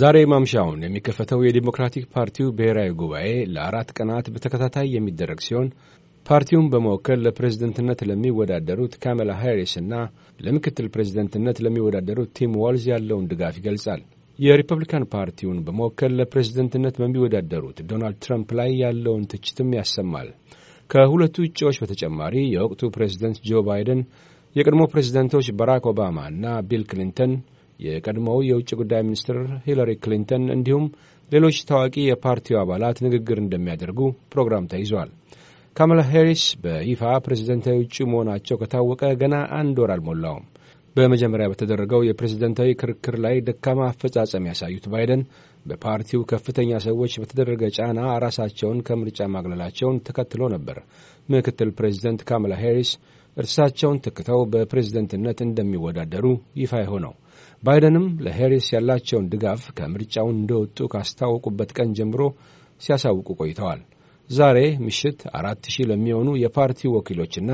ዛሬ ማምሻውን የሚከፈተው የዲሞክራቲክ ፓርቲው ብሔራዊ ጉባኤ ለአራት ቀናት በተከታታይ የሚደረግ ሲሆን ፓርቲውን በመወከል ለፕሬዝደንትነት ለሚወዳደሩት ካሜላ ሃሪስ እና ለምክትል ፕሬዝደንትነት ለሚወዳደሩት ቲም ዋልዝ ያለውን ድጋፍ ይገልጻል። የሪፐብሊካን ፓርቲውን በመወከል ለፕሬዝደንትነት በሚወዳደሩት ዶናልድ ትራምፕ ላይ ያለውን ትችትም ያሰማል። ከሁለቱ እጩዎች በተጨማሪ የወቅቱ ፕሬዝደንት ጆ ባይደን፣ የቀድሞ ፕሬዝደንቶች ባራክ ኦባማ እና ቢል ክሊንተን የቀድሞው የውጭ ጉዳይ ሚኒስትር ሂላሪ ክሊንተን እንዲሁም ሌሎች ታዋቂ የፓርቲው አባላት ንግግር እንደሚያደርጉ ፕሮግራም ተይዟል። ካማላ ሄሪስ በይፋ ፕሬዝደንታዊ እጩ መሆናቸው ከታወቀ ገና አንድ ወር አልሞላውም። በመጀመሪያ በተደረገው የፕሬዝደንታዊ ክርክር ላይ ደካማ አፈጻጸም ያሳዩት ባይደን በፓርቲው ከፍተኛ ሰዎች በተደረገ ጫና ራሳቸውን ከምርጫ ማግለላቸውን ተከትሎ ነበር ምክትል ፕሬዝደንት ካማላ ሄሪስ እርሳቸውን ተክተው በፕሬዝደንትነት እንደሚወዳደሩ ይፋ የሆነው ባይደንም ለሄሪስ ያላቸውን ድጋፍ ከምርጫው እንደወጡ ካስታወቁበት ቀን ጀምሮ ሲያሳውቁ ቆይተዋል። ዛሬ ምሽት አራት ሺህ ለሚሆኑ የፓርቲ ወኪሎችና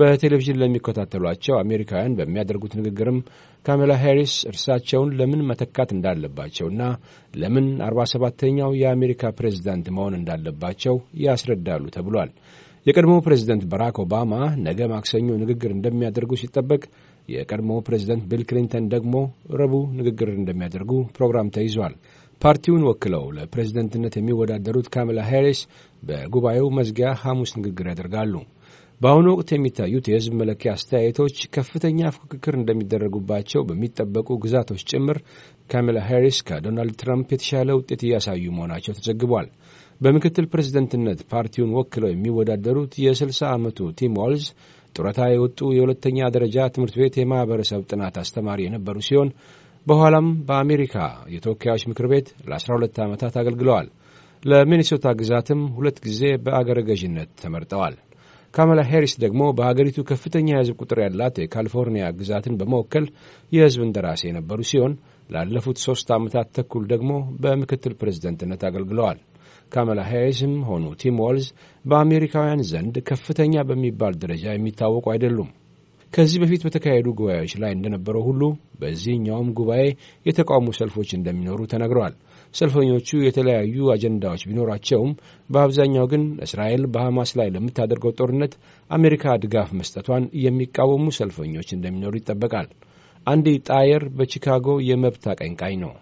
በቴሌቪዥን ለሚከታተሏቸው አሜሪካውያን በሚያደርጉት ንግግርም ካሜላ ሄሪስ እርሳቸውን ለምን መተካት እንዳለባቸውና ለምን አርባ ሰባተኛው የአሜሪካ ፕሬዝዳንት መሆን እንዳለባቸው ያስረዳሉ ተብሏል። የቀድሞው ፕሬዚደንት ባራክ ኦባማ ነገ ማክሰኞ ንግግር እንደሚያደርጉ ሲጠበቅ የቀድሞ ፕሬዚደንት ቢል ክሊንተን ደግሞ ረቡዕ ንግግር እንደሚያደርጉ ፕሮግራም ተይዟል። ፓርቲውን ወክለው ለፕሬዝደንትነት የሚወዳደሩት ካማላ ሄሪስ በጉባኤው መዝጊያ ሐሙስ ንግግር ያደርጋሉ። በአሁኑ ወቅት የሚታዩት የሕዝብ መለኪያ አስተያየቶች ከፍተኛ ፉክክር እንደሚደረጉባቸው በሚጠበቁ ግዛቶች ጭምር ካማላ ሄሪስ ከዶናልድ ትራምፕ የተሻለ ውጤት እያሳዩ መሆናቸው ተዘግቧል። በምክትል ፕሬዝደንትነት ፓርቲውን ወክለው የሚወዳደሩት የ60 ዓመቱ ቲም ዋልዝ ጡረታ የወጡ የሁለተኛ ደረጃ ትምህርት ቤት የማኅበረሰብ ጥናት አስተማሪ የነበሩ ሲሆን በኋላም በአሜሪካ የተወካዮች ምክር ቤት ለ12 ዓመታት አገልግለዋል። ለሚኒሶታ ግዛትም ሁለት ጊዜ በአገረ ገዥነት ተመርጠዋል። ካማላ ሄሪስ ደግሞ በአገሪቱ ከፍተኛ የሕዝብ ቁጥር ያላት የካሊፎርኒያ ግዛትን በመወከል የህዝብ እንደራሴ የነበሩ ሲሆን ላለፉት ሦስት ዓመታት ተኩል ደግሞ በምክትል ፕሬዝደንትነት አገልግለዋል። ካማላ ሄሪስም ሆኑ ቲም ዋልዝ በአሜሪካውያን ዘንድ ከፍተኛ በሚባል ደረጃ የሚታወቁ አይደሉም። ከዚህ በፊት በተካሄዱ ጉባኤዎች ላይ እንደነበረው ሁሉ በዚህኛውም ጉባኤ የተቃውሞ ሰልፎች እንደሚኖሩ ተነግረዋል። ሰልፈኞቹ የተለያዩ አጀንዳዎች ቢኖራቸውም በአብዛኛው ግን እስራኤል በሐማስ ላይ ለምታደርገው ጦርነት አሜሪካ ድጋፍ መስጠቷን የሚቃወሙ ሰልፈኞች እንደሚኖሩ ይጠበቃል። አንዲ ጣየር በቺካጎ የመብት አቀንቃኝ ነው።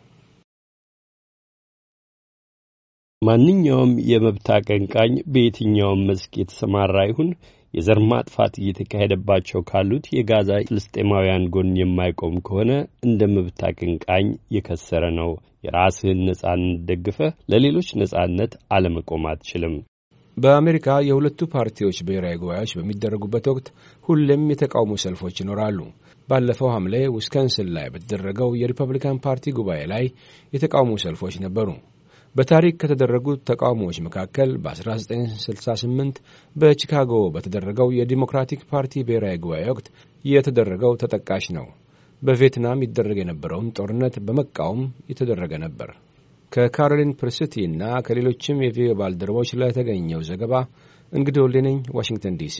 ማንኛውም የመብት አቀንቃኝ በየትኛውም መስክ የተሰማራ ይሁን የዘር ማጥፋት እየተካሄደባቸው ካሉት የጋዛ ፍልስጤማውያን ጎን የማይቆም ከሆነ እንደ መብት አቀንቃኝ የከሰረ ነው። የራስህን ነጻነት ደግፈህ ለሌሎች ነጻነት አለመቆም አትችልም። በአሜሪካ የሁለቱ ፓርቲዎች ብሔራዊ ጉባኤዎች በሚደረጉበት ወቅት ሁሌም የተቃውሞ ሰልፎች ይኖራሉ። ባለፈው ሐምሌ ዊስኮንስን ላይ በተደረገው የሪፐብሊካን ፓርቲ ጉባኤ ላይ የተቃውሞ ሰልፎች ነበሩ። በታሪክ ከተደረጉት ተቃውሞዎች መካከል በ1968 በቺካጎ በተደረገው የዲሞክራቲክ ፓርቲ ብሔራዊ ጉባኤ ወቅት የተደረገው ተጠቃሽ ነው። በቪየትናም ይደረግ የነበረውን ጦርነት በመቃወም የተደረገ ነበር። ከካሮሊን ፕርስቲ እና ከሌሎችም የቪዮ ባልደረቦች ለተገኘው ዘገባ እንግዲህ ወሌነኝ ዋሽንግተን ዲሲ